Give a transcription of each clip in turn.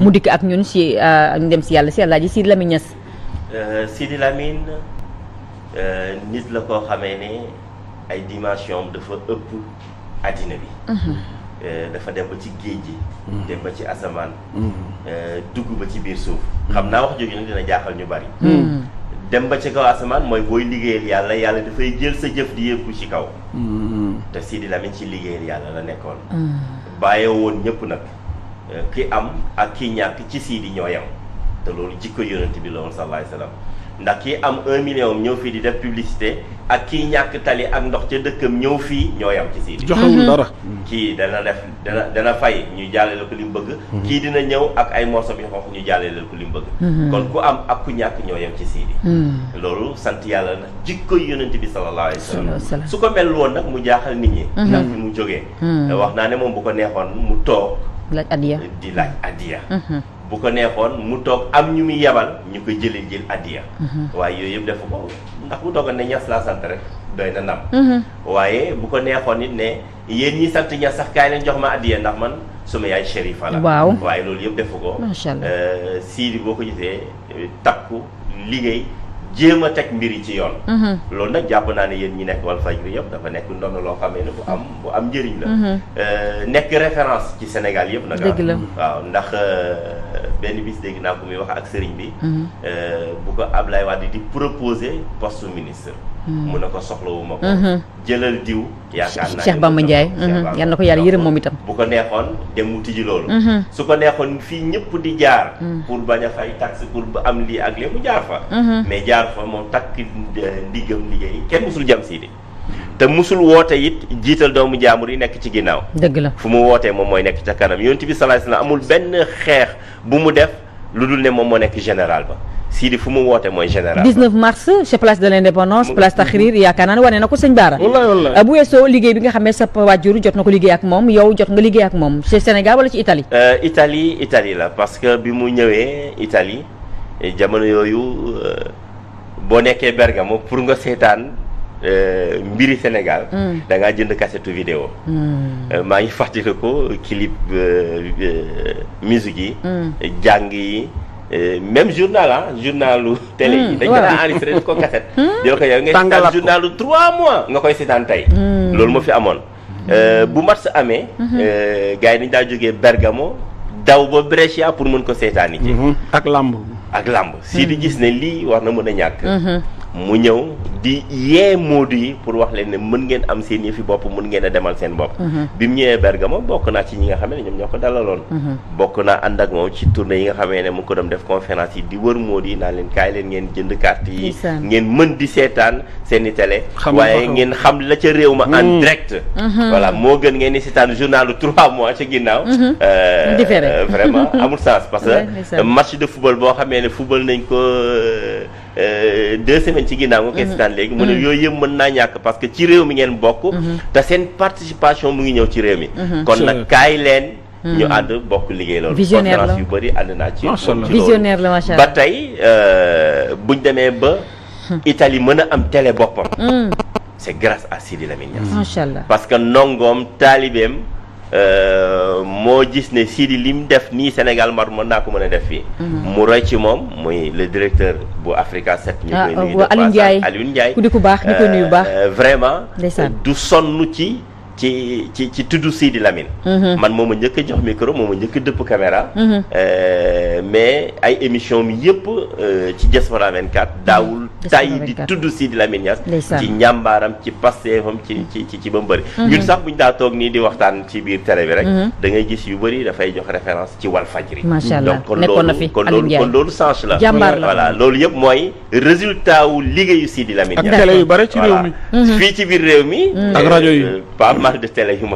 mu dikk ak ñun ci euh, ñu dem ci yàlla ci Alaaji Sidi Lamine Niass. Euh, Sidi Lamine euh, nit la koo xamee ne ay dimension dafa ëpp àddina bi. Mhm. dafa dem ba ci géej gi. Mhm. dem ba ci asamaan. Mhm. dugg ba ci biir suuf. xam naa wax jooju nag dina jaaxal ñu bari. dem ba ci kaw asamaan mooy booy liggéeyal yàlla yàlla dafay jël sa jëf di yëpp ci kaw. te Sidi Lamine ci liggéeyal yàlla la nekkoon. bàyyeewoon ñëpp nag. Euh, ki am ak ki ñàkk ci siidi ñoo yem te loolu jikko yonent bi la woon sallallahu alayhi ndax kii am un million ñëw fii di def publicité ak kii ñàkk tali ak ndox ca dëkkam ñëw fii ñoo yem ci siidi joxewul dara mm-hmm. kii dana def dana dana fay ñu jàllale ko li mu bëgg mm-hmm. kii dina ñëw ak ay morso bi xonq ñu jàllale ko li mu bëgg mm-hmm. kon ku am ak ku ñàkk ñoo yem ci siidi loolu sant yàlla na jikko yonent bi sallallahu alayhi wa sallam su ko mel woon nag mu jaaxal nit mu jógee wax naa ne moom bu ko mu toog di laaj addiya di laaj addiya bu ko neexoon mu toog am ñu muy yebal ñu ko jëlee jël addiya mm-hmm. waaye yooyu yëpp def ko ndax bu toogoon ne ñas laa sant rek doy na ndam mm-hmm. waaye bu ko neexoon it ne yéen ñi sant ñas sax kaay leen jox ma addiya ndax man suma yaay shérifa la waaw waaye loolu yëpp def ko macha allah euh, boo ko gisee euh, takku liggéey jéem a teg mbir yi ci yoon. Mhm. loolu nag jàpp naa ne yéen ñi nekk Walfadjri yëpp dafa nekk ndono loo xamee ne bu am bu njëriñ la. Mhm. Euh, nekk référence ci Sénégal yëpp nag. dëgg la mhm. waaw ndax euh, benn bis dégg naa ko muy wax ak sëriñ bi. Euh, bu ko Ablaye Wade di proposer poste ministre. mu ne ko soxlawuma ko mhm. jëlal diw yaakaar naa Cheikh Bamba Ndiaye mhm. yal na ko yàlla yërëm moom itam bu ko neexoon dem mu tijji loolu mhm. su ko neexoon fii ñëpp di jaar pour bañ a fay taxe pour ba am lii ak lee mu jaar fa mais jaar fa moom takk eh, ndiggam liggéey kenn musul jam siidi te musul woote it jiital doomu jaamur yi nekk ci ginnaaw dëgg la fu mu wootee moom mooy nekk ca kanam yonent bi sallallahu na amul benn xeex bu mu def lu dul ne moom moo nekk général ba Sidi fu mu woote mooy général. 19 mars ca place de l' indépendance place Tahrir yaakaar naa ne wane na ko sëñ Baara. wallaay wallaay euh, bu weesoo liggéey bi nga xam sa waajur jot na ko liggéey ak moom yow jot nga liggéey ak moom ci Sénégal wala ci Italie. Euh, Italie la parce que bi mu ñëwee Italie jamono yooyu euh, boo nekkee Bergamo pour nga seetaan. Euh, mbiri Sénégal. Mm. jënd kasetu vidéo. Hmm. maa ngi fàttaliku ko euh, musique yi. Mm. jàng yi. Euh, même journal a journalu télé yi hmm, dañ ko daan enregistré hmm? Hmm? ko cassette jël ko yow ngay seetaan journalu trois mois nga koy seetaan tey loolu moo fi amoon euh, bu match amee euh, gars yi dañ daa jógee Bergamo daw ba Brescia pour mën ko seetaan yi ci ak làmb ak lamb si di gis ne lii war na mën a ñàkk mu ñëw di yee moodu yi pour wax leen ne mën ngeen am seen yëfi bopp mën ngeen a demal seen bopp. Mhm. bi mu ñëwee Bergamo bokk naa ci ñi nga xam ne ñoom ñoo ko dalaloon. Mhm. bokk naa ànd ak moom ci tournée yi nga xamee ne mu ko dem def conférence yi di wër moodu yi naa leen kaay leen ngeen jënd carte yi. ngeen mën di seetaan seen i télé. waaye ngeen xam la ca réew ma en mm. direct. Mhm. voilà moo gën ngeen di seetaan journalu trois mois ci ginnaaw. Euh, euh, vraiment amul sens parce que match de Euh, deux semaines ci ginnaaw nga koy mhm. seetaan léegi mu ne mhm. yooyu yëpp mën naa ñàkk parce que ci réew mi ngeen bokk mhm. te seen participation mu ngi ñëw ci réew mi kon nag kaay leen ñu ànd bokk liggéey loolu conférence yu bëri ànd naa ci visionnaire la macha allah ba tey euh, buñ demee ba hmm. Italie mën a am tele boppam hmm. c'est grâce à Sidi Lamine Niass macha parce que ndongoom taalibeem Euh, moo gis ne Sidi li mu def nii Sénégal mar mën naa ko mën a def fii. Mhm. mu roy ci moom muy le directeur bu Africa 7. ñu ah, koy nuyu euh, de Aliou Ndiaye ku di ku baax ñu koy nuyu euh, baax. vraiment du sonn ci. ci ci ci tudd Sidi Lamine. Mhm. man moom a njëkk a jox micro moom a njëkk a dëpp caméra. Mhm. Euh, mais ay émission mi yëpp euh, ci Diaspora 24 mhm. daawul. tay di tudd Sidi Lamine Niass. ci njàmbaaram ci pasteefam ci ci ci ci ba mu bëri. ñun sax buñ daa toog nii di waxtaan ci biir télé bi rek. da ngay gis yu bëri dafay jox référence ci Walfadjri. macha allah nekkoon na fi kon loolu kon change la. jàmbaar la loolu yëpp mooy résultat wu liggéeyu Sidi Lamine Niass. ak télé yu bëri ci réew mi. fii ci biir réew mi. ak marque de télé yu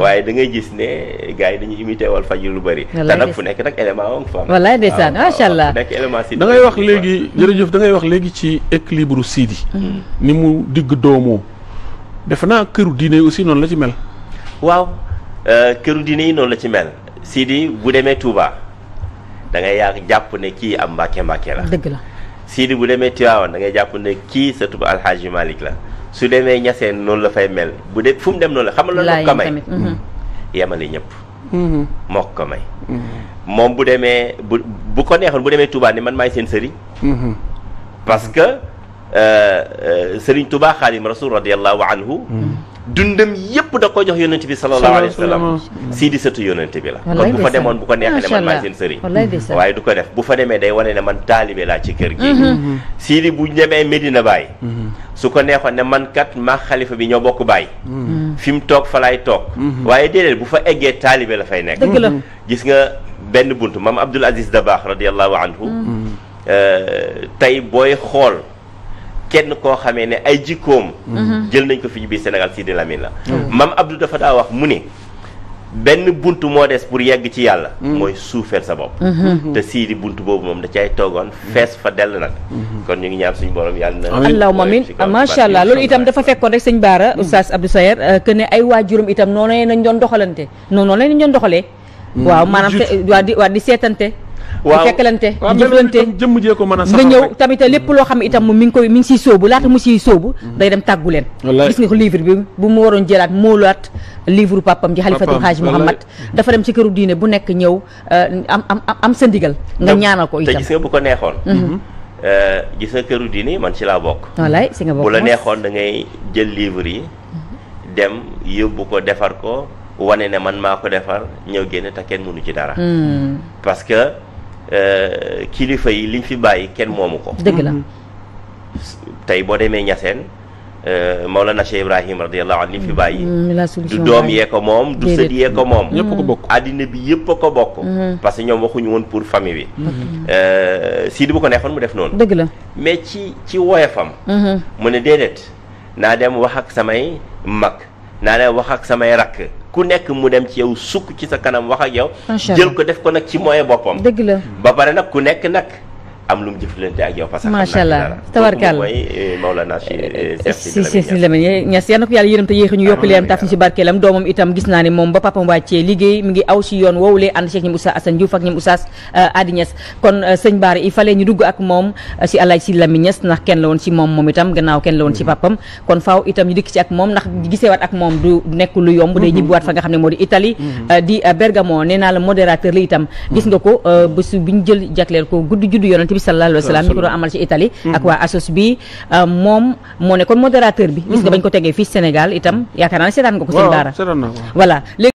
waaye da ngay gis ne gars yi dañuy imité wal fajir lu bëri te nag fu nekk nag élément wong fa wallaay ndeysaan macha allah nekk élément si da ngay wax léegi jërëjëf da ngay wax léegi ci équilibre Sidi hmm. ni mu digg doomoo defe naa këru diine yi aussi noonu la ci mel waaw euh, këru diine yi noonu la ci mel Sidi bu demee tuuba da ngay yaa jàpp ne kii am Mbàkke Mbàkke la dëgg la Sidi bu demee Tiwaawan da ngay jàpp ne kii sa Touba Alxaaji Malik la su demee ñaseen noonu la fay mel bu dee fu mu dem noonu la xamal la mhm. mm-hmm. yemale ñëpp mm-hmm. moo ko may mm-hmm. moom bu demee bu bu ko neexoon bu demee Touba ni man maay seen sëriñ parce que euh, euh, sëriñ Touba xaadim rasul radiallahu anhu dundam yépp da ko jox yonent bi sallallahu alayhi wa sallam sii di sëtu yonent bi la kon bu fa demoon bu ko neexee ne man maay seen sëriñ waaye du ko def bu fa demee day wane ne man taalibe laa ci kër gi sii di bu demee Medina Baye su ko neexoon ne man kat ma xalifa bi ñoo bokk bàyyi. Mm-hmm. fi mu toog fa toog. Mm-hmm. waaye déedéet bu fa eggee taalibe la fay nekk. dëgg mm-hmm. gis nga benn bunt maam Abdul Aziz Dabaax radiyallahu anhu. Euh, tey booy xool kenn koo xamee ne ay jikkoom. jël nañ ko fi ñu biir Sénégal Sidi Lamine la. Oh. maam Abdou dafa daa wax mu ne. benn bunt moo des pour yegg ci yàlla mm. mooy suufeel sa bopp mm-hmm. Mm-hmm. te sii bunt boobu moom da cay toogoon mm-hmm. fees fa dell nag kon ñu ngi ñaan suñu borom yàlla na allahumma amin macha allah loolu itam dafa fekkoon rek sëñ Baara oustaz Abdou Sayer euh, que ne ay waajuram itam noonu lañ doon doxalante noonu lañ doon doxalee waaw maanaam waa di waa di seetante waaw bu fekkalante jëflante jëmm jee ko mën a nga ñëw tamit lépp loo xam ne itam mi ngi koy mi ngi siy sóobu laata mu siy sóobu mm-hmm. day dem tàggu leen gis nga ko livre bi bu mu waroon jëlaat moolaat livre papam ji xalifatul xaaj Muhammad dafa dem ci këru diine bu nekk ñëw eh, am am am sa ndigal nga ñaanal ko itam te gis nga bu ko neexoon mm-hmm. eh, gis nga këru diine man ci laa bokk wallaay si nga bokk bu la neexoon da ngay jël livre yi dem yóbbu ko defar ko wane ne man maa ko defar ñëw génne te kenn mënu ci dara mm. Euh, kilifa yi liñ fi bàyyi kenn moomu ko. dëgg la tey boo demee Niassène euh, Maolana Cheikh Ibrahim radiyallahu anhu liñ fi mm. bàyyi. Mm, du doom yee ko moom du sët yee ko moom. Mm. ñëpp ko bokk àddina bi yëpp ko bokk. parce que ñoom waxuñu woon pour famille bi. Euh, Sidi bu ko neexoon mu def noonu. dëgg la mais ci ci woyafam. Mm-hmm. mu ne déedéet naa dem wax ak samay mag naa dem wax ak samay rakk. ku nekk mu dem ci yow sukk ci sa kanam wax ak yow. jël ko def ko nag ci moyen boppam. dëgg la ba pare nag ku nekk nag. am lu mu jëflante ak yow. parce que macha allah tabarkaal mooy eh, Maolana eh, si si si Lamine Niass yal na ko yàlla yërëm te yéex ñu yokk leen ñu si barkeelam doomam itam gis naa ne moom ba papam wàccee liggéey mi ngi aw si yoon woowulee ànd Cheikh ñoom ak eh, ñu dugg ak moom si alaaj si Lamine Niass ndax kenn la woon si moom moom itam gannaaw kenn la woon si mm-hmm. papam kon faaw itam ñu dikk si ak moom ndax giseewaat ak moom du nekk lu yomb day ñibbiwaat mm-hmm. fa nga xam ne moo di Italie mm-hmm. di Bergamo nee naa la modérateur li itam gis nga ko bés bi ñu jël jagleel ko gudd juddu yonent bi sallallahu wa sallam ñu ko doon amal ci Italie ak mm-hmm. waa assos bi euh, moom moo nekkoon modérateur bi gis nga mm-hmm. bañ ko tegee fii Sénégal itam yaakaar naa nga ko seen daara voilà